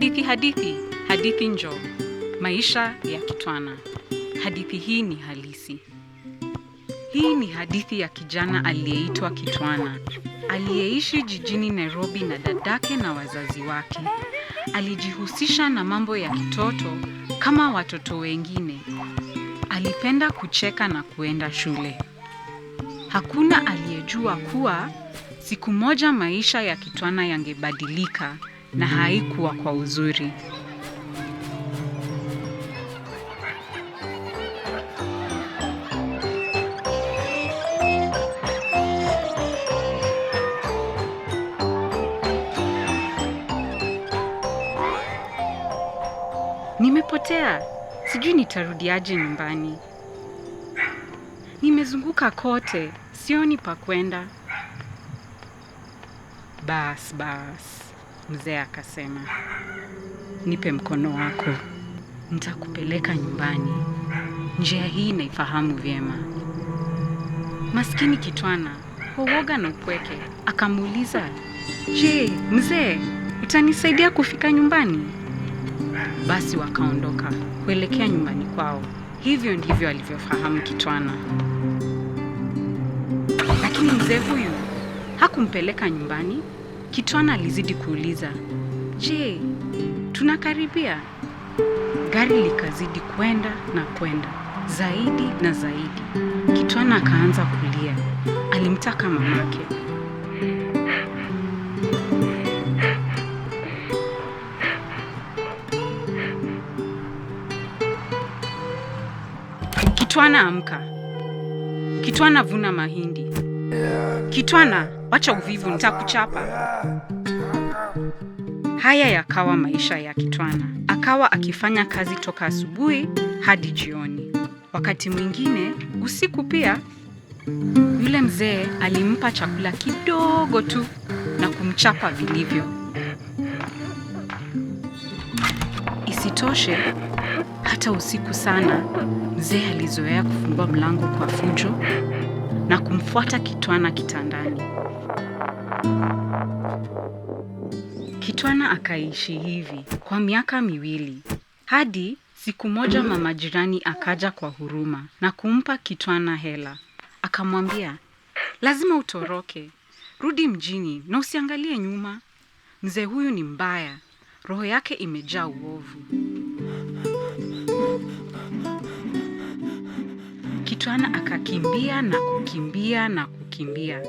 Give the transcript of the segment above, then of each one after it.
Hadithi hadithi hadithi njo maisha ya Kitwana. Hadithi hii ni halisi. Hii ni hadithi ya kijana aliyeitwa Kitwana aliyeishi jijini Nairobi na dadake na wazazi wake. Alijihusisha na mambo ya kitoto kama watoto wengine. Alipenda kucheka na kuenda shule. Hakuna aliyejua kuwa siku moja maisha ya Kitwana yangebadilika na haikuwa kwa uzuri. Nimepotea, sijui nitarudiaje nyumbani. Nimezunguka kote, sioni pa kwenda. Bas bas. Mzee akasema, nipe mkono wako, nitakupeleka nyumbani. Njia hii naifahamu vyema. Maskini kitwana uoga na upweke, akamuuliza, je, mzee utanisaidia kufika nyumbani? Basi wakaondoka kuelekea nyumbani kwao. Hivyo ndivyo alivyofahamu Kitwana, lakini mzee huyu hakumpeleka nyumbani, Kitwana alizidi kuuliza, je, tunakaribia? Gari likazidi kwenda na kwenda zaidi na zaidi. Kitwana akaanza kulia, alimtaka mamake. Kitwana amka! Kitwana vuna mahindi! Kitwana wacha uvivu, nitakuchapa. Haya yakawa maisha ya Kitwana. Akawa akifanya kazi toka asubuhi hadi jioni, wakati mwingine usiku pia. Yule mzee alimpa chakula kidogo tu na kumchapa vilivyo. Isitoshe, hata usiku sana mzee alizoea kufungua mlango kwa fujo na kumfuata Kitwana kitandani. Kitwana akaishi hivi kwa miaka miwili hadi siku moja mama jirani akaja kwa huruma na kumpa Kitwana hela. Akamwambia, lazima utoroke, rudi mjini na usiangalie nyuma. Mzee huyu ni mbaya, roho yake imejaa uovu. Msichana akakimbia na kukimbia na kukimbia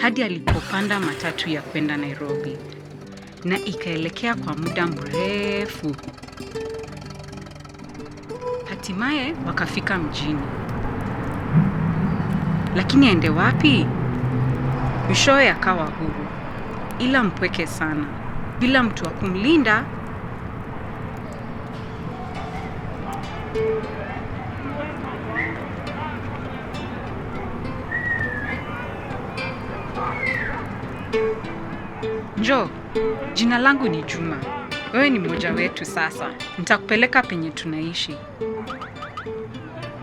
hadi alipopanda matatu ya kwenda Nairobi, na ikaelekea kwa muda mrefu. Hatimaye wakafika mjini, lakini aende wapi? Mwishowe akawa huru, ila mpweke sana, bila mtu wa kumlinda. njo jina langu ni Juma. Wewe ni mmoja wetu sasa. Nitakupeleka penye tunaishi.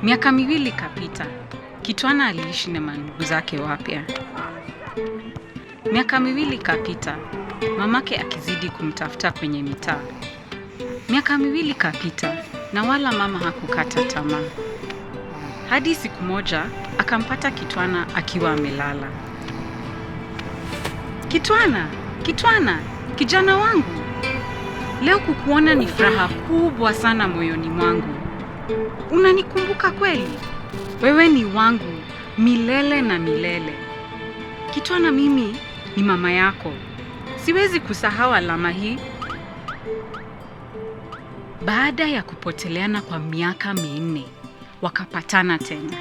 Miaka miwili kapita Kitwana aliishi na mandugu zake wapya. Miaka miwili kapita mamake akizidi kumtafuta kwenye mitaa. Miaka miwili kapita na wala mama hakukata tamaa, hadi siku moja akampata Kitwana akiwa amelala. Kitwana, Kitwana, kijana wangu, leo kukuona ni furaha kubwa sana moyoni mwangu. Unanikumbuka kweli? Wewe ni wangu milele na milele. Kitwana, mimi ni mama yako, siwezi kusahau alama hii. Baada ya kupoteleana kwa miaka minne, wakapatana tena.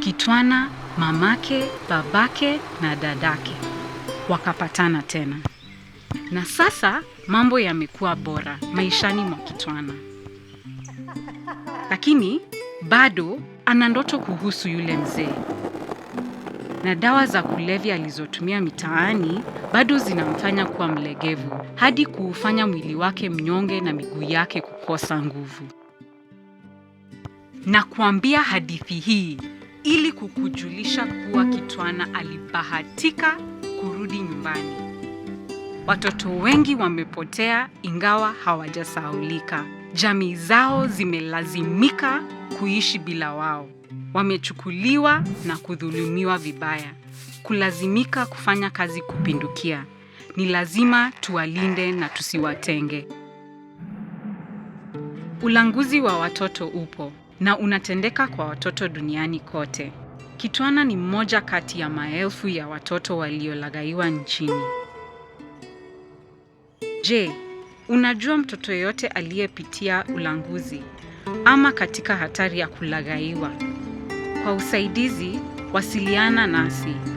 Kitwana, mamake, babake na dadake wakapatana tena, na sasa mambo yamekuwa bora maishani mwa Kitwana, lakini bado ana ndoto kuhusu yule mzee, na dawa za kulevya alizotumia mitaani bado zinamfanya kuwa mlegevu hadi kuufanya mwili wake mnyonge na miguu yake kukosa nguvu. Na kuambia hadithi hii ili kukujulisha kuwa Kitwana alibahatika kurudi nyumbani. Watoto wengi wamepotea ingawa hawajasahaulika. Jamii zao zimelazimika kuishi bila wao. Wamechukuliwa na kudhulumiwa vibaya, kulazimika kufanya kazi kupindukia. Ni lazima tuwalinde na tusiwatenge. Ulanguzi wa watoto upo na unatendeka kwa watoto duniani kote. Kitwana ni mmoja kati ya maelfu ya watoto waliolaghaiwa nchini. Je, unajua mtoto yeyote aliyepitia ulanguzi ama katika hatari ya kulaghaiwa? Kwa usaidizi, wasiliana nasi.